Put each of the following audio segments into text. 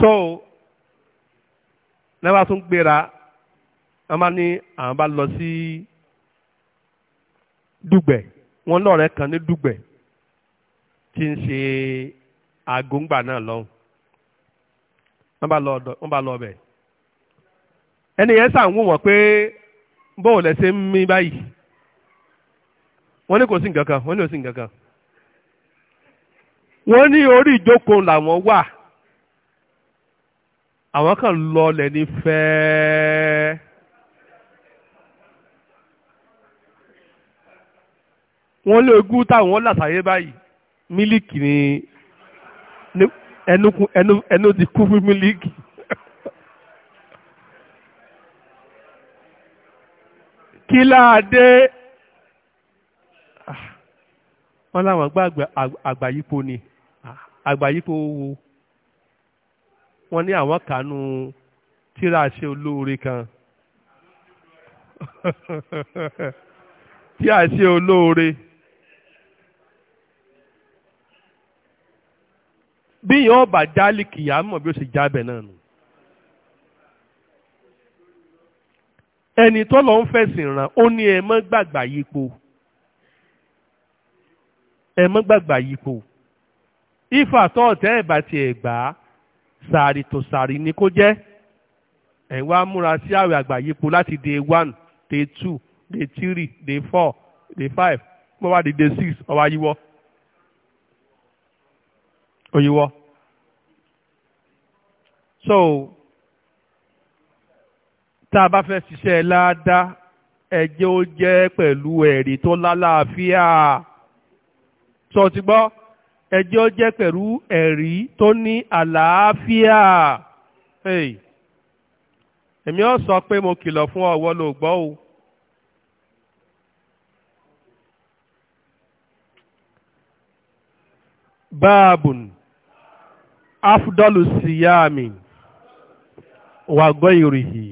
so lẹ́wà tún gbéra wọ́n bá ní àwọn bá lọ sí dùgbẹ̀ wọ́n lọ́ọ̀rẹ́ kan ní dùgbẹ̀ tí ń ṣe àgóńgbà náà lọ́hùn wọ́n bá lọ ọ̀dọ̀ wọ́n bá lọ ọbẹ̀ ẹni yẹn sàn wò wọ́n pé bóò lẹ́sẹ̀ ń mí báyìí wọ́n ní kò sí nǹkan kan wọ́n ní kò sí nǹkan kan wọ́n ní orí ìjókòó làwọn wà àwọn kan lọlẹ̀ ní fẹ́ẹ́. wọ́n lé ogún táwọn làṣàyé báyìí mílíkì ni ẹnu ti kú fún mílíkì. kí láàdé ah, wọ́n láwọn àgbà àgbà yípo ni ah, àgbà yípo wo wọ́n ní àwọn kànú tíra ṣe olóore kan tí a ṣe olóore. bí yóò bá jálì kìyà mọ̀ bí ó ṣe jábẹ̀ náà nù. ẹni tó lọ ń fẹ̀sìn ràn ó ní ẹ mọ́ gbàgbà yípo ẹ mọ́ gbàgbà yípo ifá tó ọ̀tẹ́ ẹ̀ bá tiẹ̀ gbà á sàárì tó sàárì ni kó jẹ́ ẹ̀ wá múra sí àwẹ̀ àgbà láti day one day two day three day four day five mo wá di day six ọwọ́ ayíwọ́ oyíwọ́ so tá a bá fẹ́ ṣiṣẹ́ ládàá ẹjẹ́ ó jẹ́ pẹ̀lú ẹ̀rí tó lálàáfíà tó ti gbọ́ ẹjọ́ jẹ́ pẹ̀lú ẹ̀rí tó ní àlàáfíà èmi ò sọ pé mo kìlọ̀ fún ọ̀wọ́ ló gbọ́ o báàbùn afdọ́lù síyáàmì wàgọ́ ìrìhì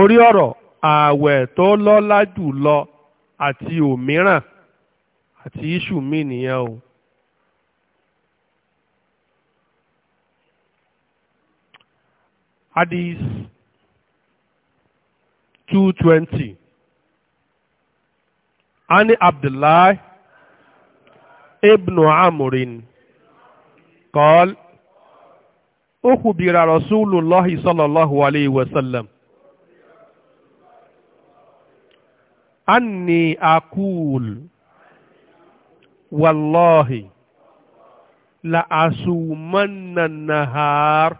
orí ọ̀rọ̀ ààwẹ̀ tó lọ́lá jù lọ àti òmíràn àti iṣu mi nìyẹn o hadith two twenty ani abdullahi ibnu amurin قال أخبر رسول الله صلى الله عليه وسلم أني أقول wàlọ́ọ̀hì la àṣùmọ́nànàhàr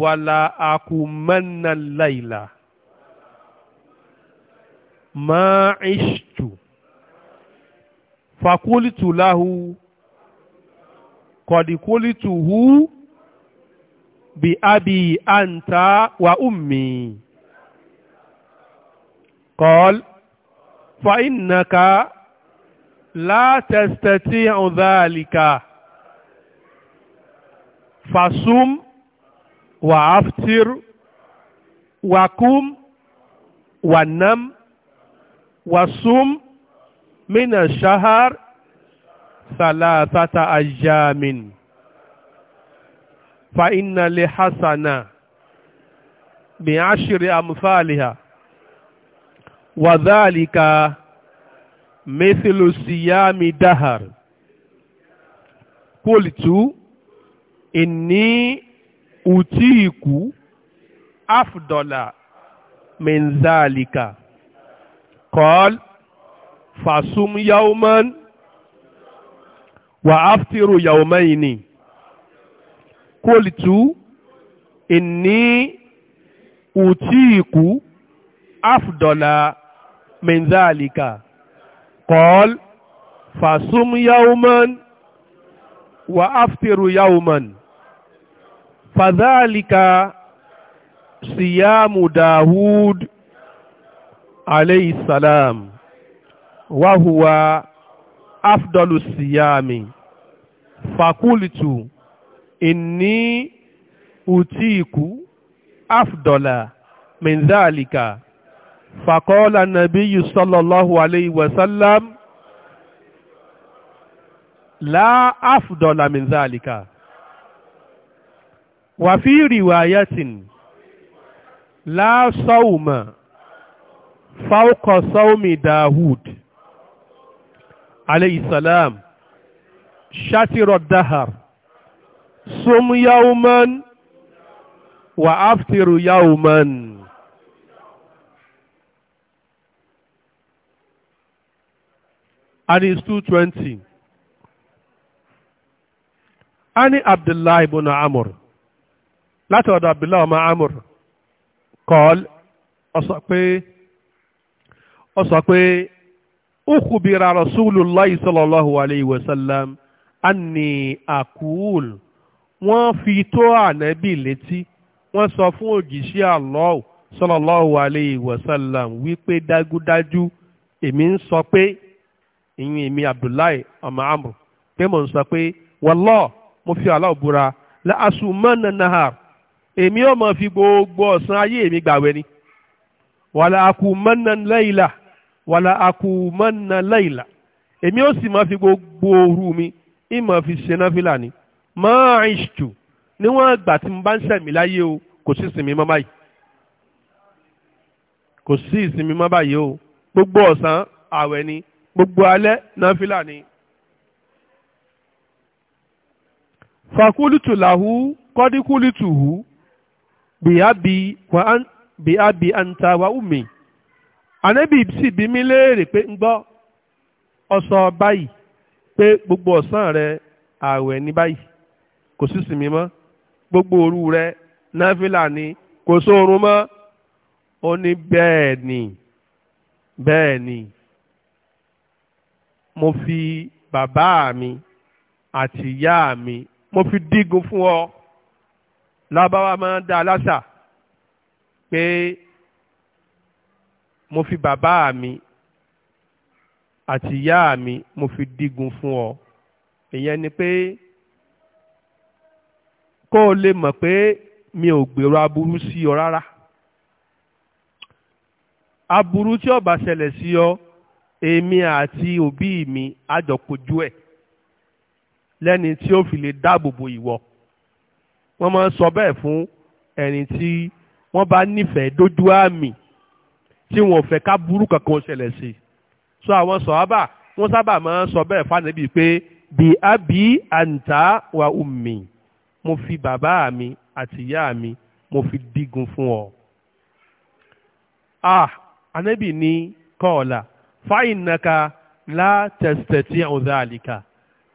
wàlà àkùmọ́nàláìlà máa ìṣtù fàkúlìtù láhù kọ̀dìkúlìtù hù bí ábí àǹtà wà ùmí. قال فإنك لا تستطيع ذلك فصم وأفطر وقم ونم وصم من الشهر ثلاثة أيام فإن لحسنة بعشر أمثالها وذلك مثل صيام دهر قلت إني أتيك أفضل من ذلك قال فصم يوما وأفطر يومين قلت إني أتيك أفضل من ذلك قال فصم يوما وأفطر يوما فذلك صيام داود عليه السلام وهو أفضل الصيام فقلت إني أتيك أفضل من ذلك فقال النبي صلى الله عليه وسلم لا أفضل من ذلك وفي رواية لا صوم فوق صوم داود عليه السلام شتر الدهر صم يوما وأفطر يوما Ani two twenty. Ani Abdullahi ibn Amr. Láti ọ̀dọ̀ Abdullahi ọmọ Amr. Kọ́l ọ̀sọ̀ pé ọ̀sọ̀ pé ukhbira Rasulullah sallallahu alayhi wa sallam ani Akul Wọ́n fi tó ànábì létí. Wọ́n sọ fún òjìṣẹ́ Allah sallallahu alayhi wa sallam wípé dágúdájú èmi ń sọ pé ìyún èmi abdullahi ọmọ amr pé mò ń sọ pé wọlọ́ mo fi aláwọ̀ búra la asùmọ́nà èmi ò mọ̀ fi gbogbo ọ̀sán ayé mi gbàwẹ̀ ni wàlà àkùmọ́nà láìlà wàlà àkùmọ́nà láìlà èmi ò sì mọ̀ fi gbogbo ooru mi ìmọ̀ fi ṣe náfìlà ni máa ń ṣù níwọ̀n ìgbà tí mo bá ń ṣẹ̀mí láyé o kò sí ìsinmi mọ́ báyìí kò sí ìsinmi mọ́ báyìí o gbogbo ọ̀sán àwẹ̀ ni gbogbo alẹ náfìlà ni. fàkúlùtù làhú kọ́díkúlùtù hu bí abi anta wa umi anabi si bí mi léèrè pé ọsọ báyìí pé gbogbo ọsọ rẹ ààwẹ̀ ní báyìí kò sí sinmi gbogbo oru rẹ náfìlà ni kò sóorun mọ́ ó ní ni bẹ́ẹ̀ ni. mo fi bàbá mi àti ìyá mi mo fi dígun fún ọ lábáwá máa ń dá aláṣà pé mo fi bàbá mi àti ìyá mi mo fi dígun fún ọ ìyẹn ni pé kó o lè mọ̀ pé mi ò gbèrò aburú sí ọ rárá aburú tí ó ṣẹlẹ̀ sí ọ èmi àti òbí mi àjọkojú ẹ̀ lẹ́ni tí ó fi lè dáàbò bo ìwọ wọ́n máa ń sọ bẹ́ẹ̀ fún ẹni tí wọ́n bá nífẹ̀ẹ́ dójú àmì tí wọn ò ká burú kankan ṣẹlẹ̀ sí so àwọn sọ̀hábà wọ́n sábà máa ń sọ bẹ́ẹ̀ fánàbí pé bí àbí àǹtá wa ummi mo fi bàbá mi àti ìyá mi mo fi dígun fún ọ. ah ànábì ní kọ́ọ̀là fáìnàka látẹ̀sítẹ̀tì ọ̀dà àlìkà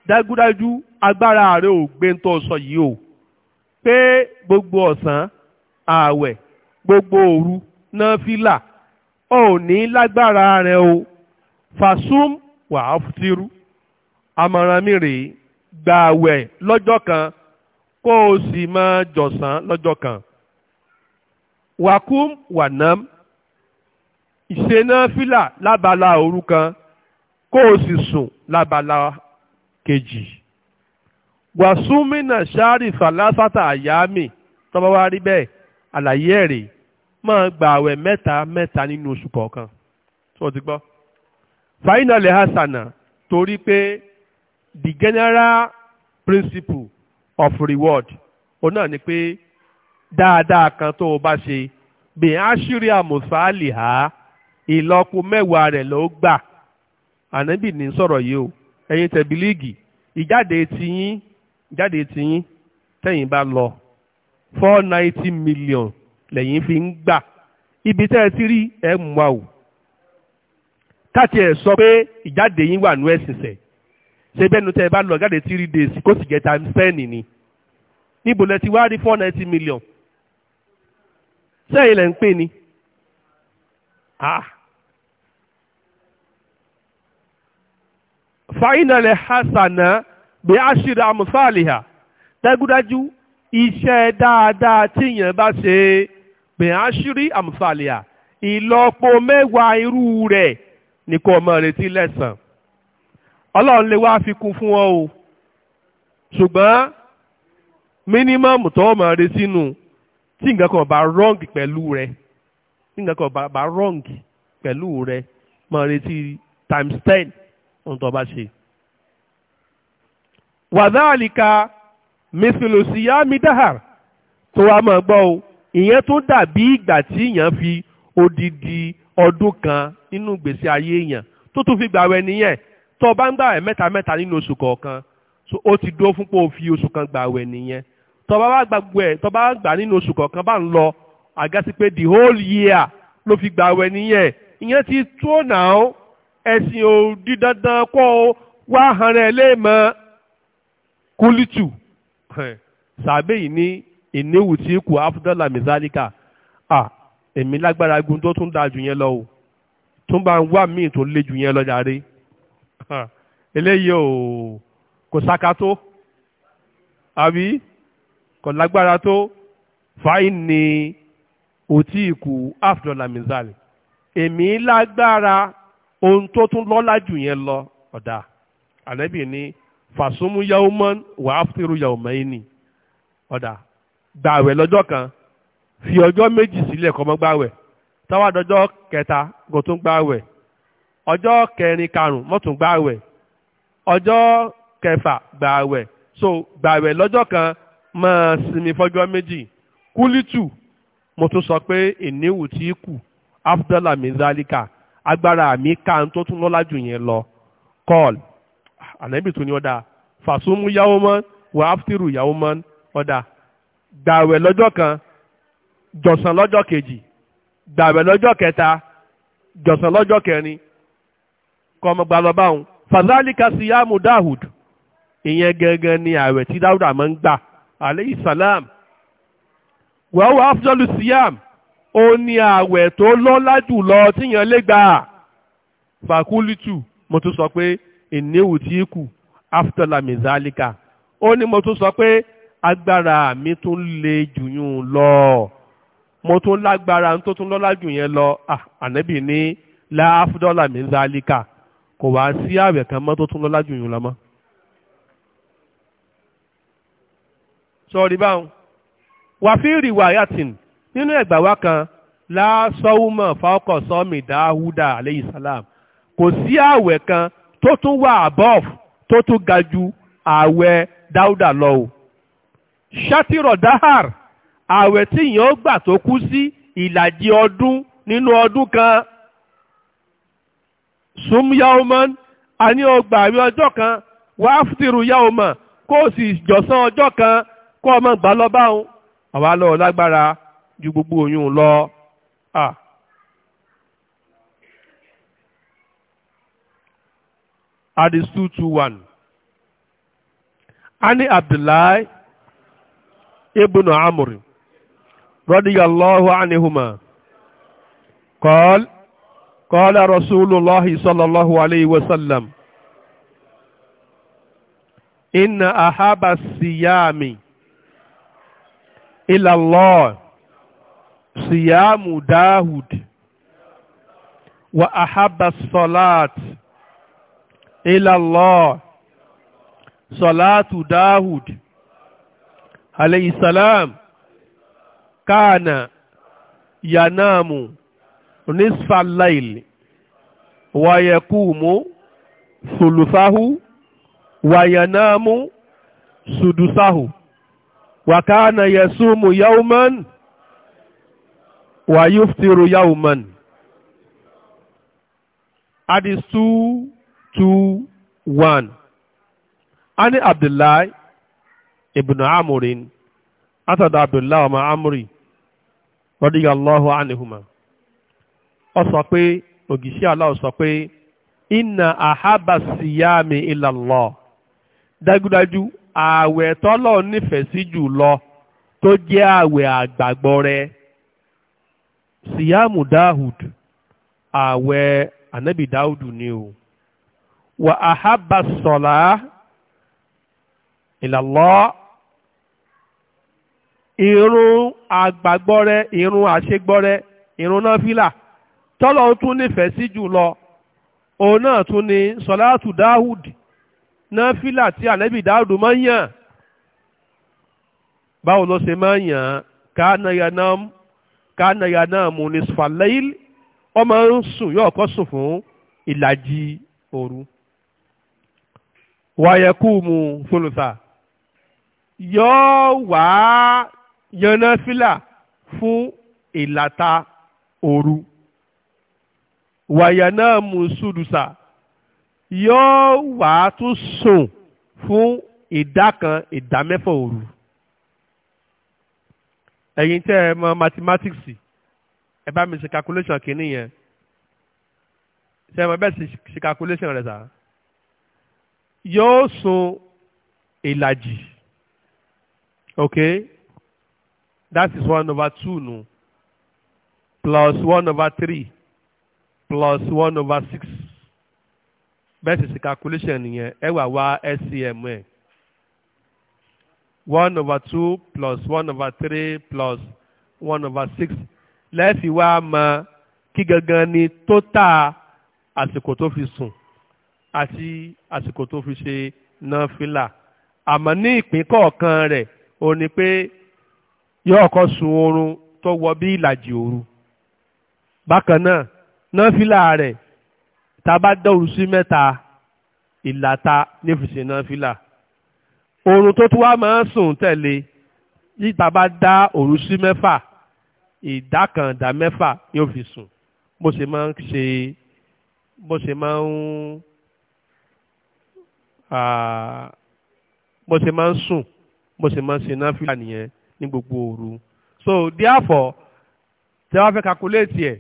dájúdájú agbára rẹ ò gbé tó sọ yìí o pé gbogbo ọ̀sán ààwẹ̀ gbogbo òru náà fílà ò ní lágbára rẹ o fasum wàá futiru àmọ̀ràn mi rèé gbààwẹ̀ lọ́jọ́ kan kó o sì máa jọ̀sán lọ́jọ́ kan wàkúm wànám ìṣenáfìlà lábala òru kan kó o sì sùn lábala kejì wàsúmínà ṣáàrì fàlásátà àyámì tọ́ba wá rí bẹ́ẹ̀ àlàyé ẹ̀rè máa gba àwẹ̀ mẹ́ta mẹ́ta nínú oṣù kọ̀ọ̀kan tí wọ́n ti gbọ́. fainale hasana torí pé the general principle of reward òun náà ni pé dáadáa kan tó o bá ṣe bí aṣírí àmùsàálì ha ìlọ́po mẹ́wàá rẹ̀ ló gbà ànábì ní sọ̀rọ̀ yìí o ẹ̀yin tẹ̀bílíìgì ìjáde tiyín ìjáde tiyín tẹ̀yìn bá lọ four ninety million lẹ́yìn fi ń gbà ibi tẹ́ ẹ ti rí ẹ mú wa o káàtì ẹ̀ sọ pé ìjáde yín wà nú ẹ̀sìn ṣe bẹ́ẹ̀nu tẹ́ ẹ bá lọ jáde three days kó sì jẹ́ times ten ni níbo lẹ ti wá rí four ninety million sẹ́yìn lẹ́ ń pè ní. fàínàlẹ̀ hasana bí a ṣíra àmúfàlìhà dágúdájú iṣẹ́ dáadáa tí èèyàn bá ṣe bí a ṣírí àmúfàlìhà ìlọ́po mẹ́wàá irú rẹ̀ ní kò mọ̀ retí lẹ́sàn ọlọ́run lè wá fi kún fún ọ o ṣùgbọ́n mínímọ̀mù tó mọ̀ retí nù tí nǹkan kan bá rọ́ǹgì pẹ̀lú rẹ̀ tí nǹkan kan bá rọ́ǹgì pẹ̀lú rẹ̀ mọ̀ retí times ten fún tó bá ṣe. wàdáàlìkà mẹsìlòsíyá midahar tó wàá máa gbọ́ o ìyẹn tún dàbí ìgbà tí èèyàn fi odidi ọdún kan nínú ìgbésí ayé èèyàn tó tún fi gbàwẹ̀ nìyẹn tó bá ń gbàwẹ̀ mẹ́ta mẹ́ta nínú oṣù kọ̀ọ̀kan ó ti dúró fún pé ó fi oṣù kan gbàwẹ̀ nìyẹn tó bá wá gbàgbọ́ ẹ̀ tó bá gbà nínú oṣù kọ̀ọ̀kan bá ń lọ àgásí pé the whole year ló fi gbàwẹ̀ nìyẹn ìyẹn ti tó náà ẹ̀sìn ò di dandan kó o wá hanra ẹ léèmọ́ kúlítù sàbẹ̀ yìí ní ìníwù tí kù áfúdọ́là mizalika à èmi lágbára gun tó tún dáa jù yẹn lọ o tún bá ń wá míì tó lé jù yẹn lọ jàre eléyìí ò kò saka àbí kò lágbára tó fàáyìn ni òtí ìkù áfúdọ́là mizalika èmi lágbára ohun tó tún lọ́lá jù yẹn lọ ọ̀dà ànábì ní fàṣúmú yawman wà áfítírù yawmaini ọ̀dà gbààwẹ̀ lọ́jọ́ kan fi ọjọ́ méjì sílẹ̀ kọ́mọ́ gbààwẹ̀ táwa dọjọ́ kẹta kò tún gbààwẹ̀ ọjọ́ kẹrin karùn mọ́ tún ọjọ́ kẹfà gbààwẹ̀ so gbààwẹ̀ lọ́jọ́ kan máa sinmi fọ́jọ́ méjì kúlítù mo tún sọ pé ìníwù tí kù afdala zalika agbára mi ká n tó tún lọ́lá jù yẹn lọ kọ́ọ̀l ànábì tó ní ọ̀dà fàṣúmú yàwó mọ́ wà áfítírù yàwó mọ́ ọ̀dà gbàwẹ̀ lọ́jọ́ kan jọ̀sán lọ́jọ́ kejì gbàwẹ̀ lọ́jọ́ kẹta jọ̀sán lọ́jọ́ kẹrin kọ́ ọmọ gbalọ́ báwọn fàzálíkà síyáàmù dáhùd ìyẹn gẹ́gẹ́ ni ààwẹ̀ tí dáhùd àmọ́ ń gbà aleyhi salam wàá wà áfítọ́lù síyáàmù ó ní ààwẹ̀ tó lọ́lá jùlọ tíyan lè gbà fàkúlítù mo tún sọ pé ìníwù tí kù aftalami zalika ó ní mo tún sọ pé agbára mi tún le jù yún lọ mo tún lágbára tó tún lọ́lá jù yẹn lọ ah, ànábì ní láàfúdọ́lami zalika kò wá sí ààwẹ̀ kan mọ́ tó tún lọ́lá jù yún lọ mọ́. sọ̀rí báwọn wàá fi rìwà yàtìn nínú ẹ̀gbà wa kan láásọ́wúmọ̀ fáọkọ̀ sọ́mi dáhùdà aleyhi salam kò sí ààwẹ̀ kan tó tún wà abọ́f tó tún ga ju ààwẹ̀ dáhùdà lọ o ṣátìrọ̀ dáhàr ààwẹ̀ tí ìyẹn ó gbà tó kú sí ìlàjì ọdún nínú ọdún kan súnmúyàwòmọ́ a ní ọgbà àmì ọjọ́ kan wà á fìtìrù yàwòmọ́ kó o sì jọ̀sán ọjọ́ kan kó ọmọ gbà lọ́bàá òun àwa lọ́wọ́ lágbára ju gbogbo oyún lọ à hadis two two one ani abdullahi ibnu amr radiyallahu anihuma qala qala rasulullahi sallallahu alayhi wa sallam inna ahaba siyami ila Allah siyamu Dawud wa ahabba salat ila Allah salatu Dawud alayhi salam kana yanamu nisfa al-layl wa yakumu thuluthahu wa yanamu sudusahu wa kana yasumu yawman wa yuftiru yawman hadith two one ani abdullahi ibn amurin atada abdullahi ọmọ amuri radiyallahu anihuma ọ sọ pé ògìṣẹ́ Allah ọsọ pé inna ahaba siyami ilallah dájúdájú ààwẹ̀ tọ́lọ̀ nífẹ̀ẹ́ sí jù lọ to jẹ́ ààwẹ̀ àgbàgbọ́ síyáàmù dáhùd ààwẹ̀ ànábì dáhùd ni o wà àhábà sọ̀lá ìlàlọ́ irun àgbàgbọ́rẹ́ irun àṣegbọ́rẹ́ irun náfìlà tọ́lọ̀ tún nífẹ̀ẹ́ sí jù lọ òun náà tún ni sọ̀láàtù dáhùd náfìlà tí ànábì dáhùd máa ń yàn báwo ló ṣe máa ń yàn ká náyà náà Kana yana náà mú ní sfalail ọmọ ń sùn yóò kọ́ sùn fún ìlàjì òru wàyẹ̀kú mu fúlùfà yóò wá yànnà fílà fún ìlàta òru wàyà náà mú sùdùsà yóò wá tún ẹ̀yin tẹ́ ẹ mọ mathematics ẹ bá mi ṣe calculation kìíní yẹn ṣe mọ bẹ́ẹ̀ ṣe calculation rẹ̀ sá yóò sun ìlàjì okay that is one over two nu plus one over three plus one over six bẹ́ẹ̀ ṣe ṣe calculation yẹn ẹ wà wá LCM ẹ̀ one over two plus one over three plus one over six lẹ́ẹ̀fì wá mọ kí gangan ni total àsìkò tó fi sùn àti àsìkò tó fi ṣe náfìlà àmọ́ ní ìpín kọ̀ọ̀kan rẹ̀ ó ní pé yóò kọ́ sun oorun tó wọ bí ìlàjì òru bákan náà náfìlà rẹ̀ tá a bá dọ̀rù sí mẹ́ta ìlàta nífìsì náfìlà oorun tó tún wá máa ń sùn tẹ̀lé níta bá dá òru sí mẹ́fà ìdá kan ìdá mẹ́fà yóò fi sùn bó ṣe máa ń ṣe bó ṣe máa ń bó ṣe máa ń sùn bó ṣe máa ń ṣe náfìlà nìyẹn ní gbogbo òru so therefore tí wọ́n fẹ́ calculate ẹ̀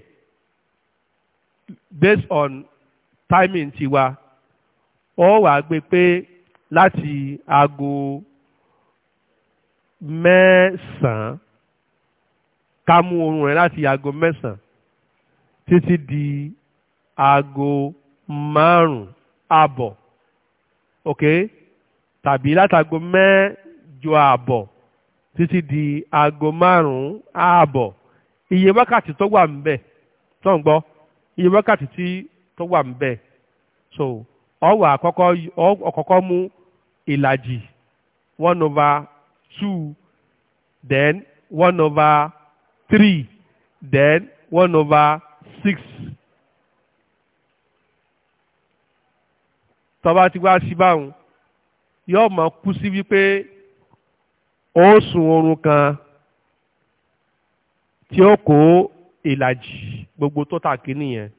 based on timing tiwa ó wàá gbé pé láti aago mẹ́sàn-án ká mú oorun rẹ̀ láti aago mẹ́sàn-án títí di aago márùn-ún àbọ̀ ok tàbí látago mẹ́jọ àbọ̀ títí di aago márùn-ún àbọ̀ iye wákàtí tó wà ń tó ń gbọ́ iye wákàtí tí tó wà ń so ọwọ́ àkọ́kọ́ ọkọ̀kọ́ mú ìlàjì one over two then one over three then one over six. tọ́ba ti wá sí báwọn yóò máa kú sí wípé ó sùn oorun kan tí ó kó ìlàjì gbogbo tó tà kí nìyẹn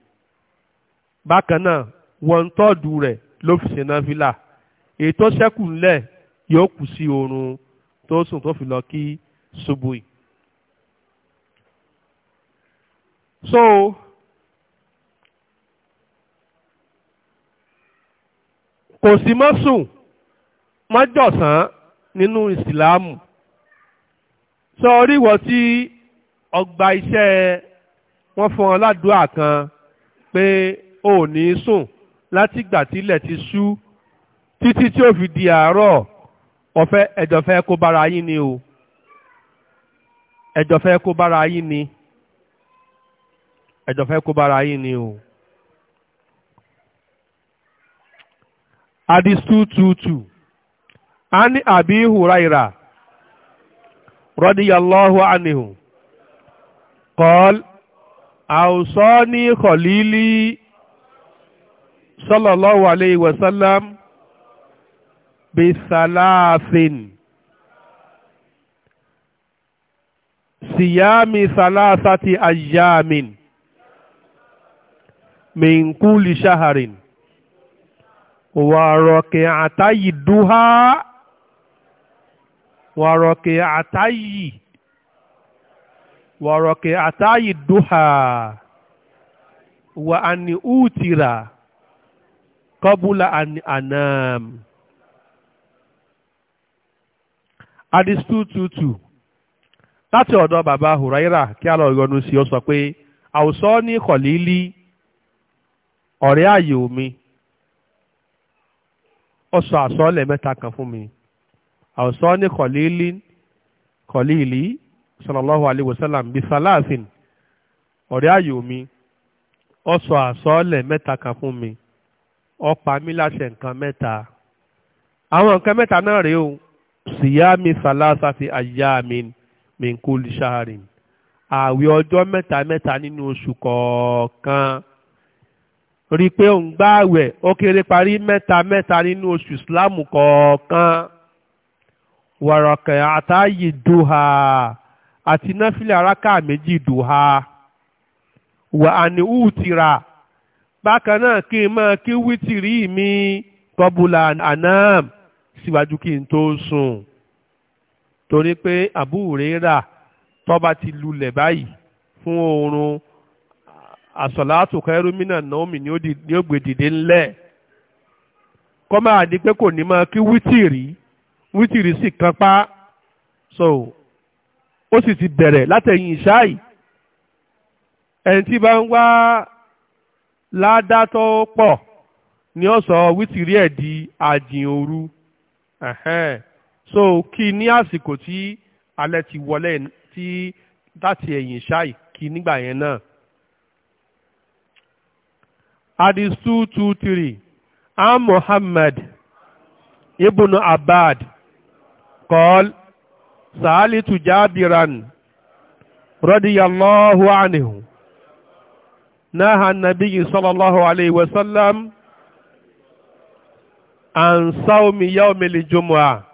bákan náà wọn tọ́ọ̀dù rẹ̀ ló fi ṣe náà fílà èyí tó ṣẹ́kù ńlẹ̀ yóò kù sí oorun tó sùn tó fi lọ kí ṣubú yìí. so kò sí mọ́ sùn mọ́ jọ̀sán nínú ìsìláàmù sọ orí ìwọ tí ọgbà iṣẹ́ wọ́n fún ọ ládùúà kan pé o ò ní sùn látìgbà tílẹ̀ ti ṣú títí tí ó fi di àárọ̀ ọ̀fẹ́ ẹ̀jọ̀ fẹ́ kó bára yín ni o ẹ̀jọ̀ fẹ́ kó bára yín ni ẹ̀jọ̀ fẹ́ kó bára yín ni o. Hadis two Ani Abi Huraira radiyallahu anhu qal awsani khalili sallallahu alayhi wa sallam bisalaasin siyami salasati ayamin min kuli shaharin wàrọ̀kẹ̀ àtàyì dúhá wàrọ̀kẹ̀ àtàyì wàrọ̀kẹ̀ àtàyì dúhá wà á ní útìrà kọ́bùlà ànàm. An hadith 222 láti ọ̀dọ̀ bàbá hùráírà kí a lọ yọ́nú sí ọ sọ pé àwùsọ ní kọ̀lílí ọ̀rẹ́ ààyè mi ó sọ àsọlẹ̀ mẹ́ta kan fún mi àwùsọ ní kọ̀lílí kọ̀lílí sallallahu alaihi wasallam ọ̀rẹ́ mi ó sọ mẹ́ta kan fún mi o. síyámi sàlásàfi àyàmín mìkúlì ṣáàrin ààwẹ̀ ọjọ́ mẹ́ta mẹ́ta nínú oṣù kọ̀ọ̀kan rí i pé òun gbá ààwẹ̀ ó kéré parí mẹ́ta mẹ́ta nínú oṣù ìsìláàmù kọ̀ọ̀kan wàrọ̀kẹ̀ àtàyè dùhà àti náfìlẹ̀ aráká méjì dùhà wà àní ùtìrà bákan náà kí n máa kí wítìrí mi kọbùlà ànáàmù síwájú kí n tó sùn torí pé Abu Huraira tó bá ti lulẹ̀ báyìí fún oorun àsọ̀látò kẹrùmínà naomi ni ó gbé dìde ńlẹ̀ kọ́ máa di pé kò ní máa kí wítìrì wítìrì sì kan pa so ó sì ti bẹ̀rẹ̀ látẹ̀yìn ìṣáì ẹni tí bá ń wá ládàá tó pọ̀ ni ó sọ wítìrì ẹ̀ di àjìn òru. ẹ̀hẹ́n so kí ní àsìkò tí alẹ́ ti wọlé tí láti ẹ̀yìn ṣáì kí nígbà yẹn náà. Hadith two two three an Muhammad ibn Abad qal sa'alitu Jabiran radiyallahu anhu naha an sallallahu alayhi wa àǹsá omi yá omi lè jọmọ à.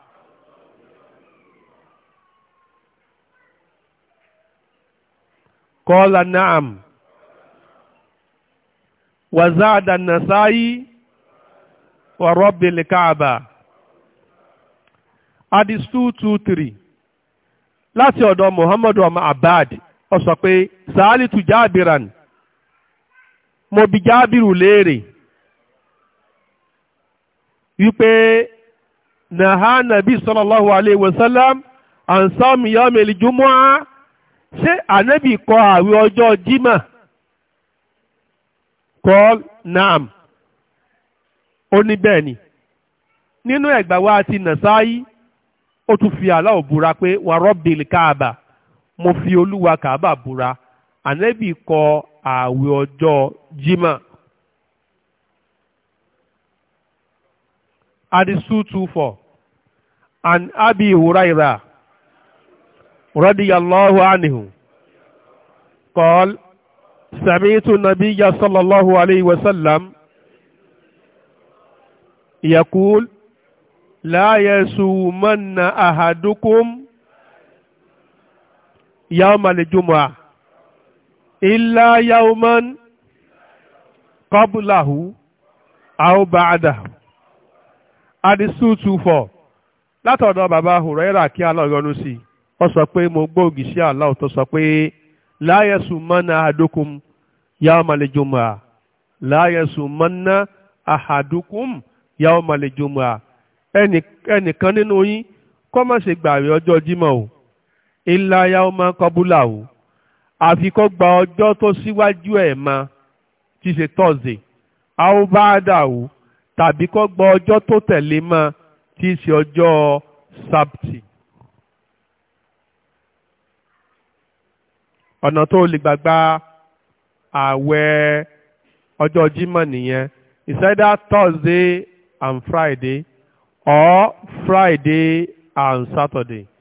kọ́lá naam wàzáàdà nasáyí wà rọ́bì lè káàbà hadis two two three láti ọ̀dọ̀ muhammadu ọmọ abad ó pé sàálì tu jábìrán mo bi jábìrù léèrè. wípé nàhá nàbí sallallahu alayhi wa sallam ànsọ́mù yọ́mẹ̀lì jùmọ́ á ṣé ànábì kọ àwẹ̀ ọjọ́ naam ó nínú ti nàṣáyí ó tún fi aláwọ̀ búra pé wà rọ́bìlì káàbà mo fi olúwa káàbà búra ànábì kọ Hadith 224. أبي هريرة، رضي الله عنه، قال سمعت النبي صلى الله عليه وسلم يقول لا يسومن أحدكم يوم الجمعة إلا يوما قبله أو بعده adisu two four látọ̀dọ̀ bàbá hùrẹ́rà kí Allah yọ́nú sí i wọ́n sọ pé mo gbóògì sí Allah tó sọ pé láyẹ̀sùn mọ́nà àdókùn yawmal jumu'a láyẹ̀sùn mọ́nà àhàdùkùn yawmal jumu'a ẹnìkan nínú yín kọ́ má ṣe gbààwẹ̀ ọjọ́ jímọ̀ o ilá yawma qabula o àfi kó gba ọjọ́ tó síwájú ẹ̀ ma ti ṣe Thursday àwọn bá dà o tàbí kó gba ọjọ́ tó tẹ̀lé mọ́ tí í ṣe ọjọ́ sábtì. ọ̀nà tó lè gbàgbà ààwẹ̀ ọjọ́ Jímọ̀ nìyẹn it's either Thursday and Friday or Friday and Saturday.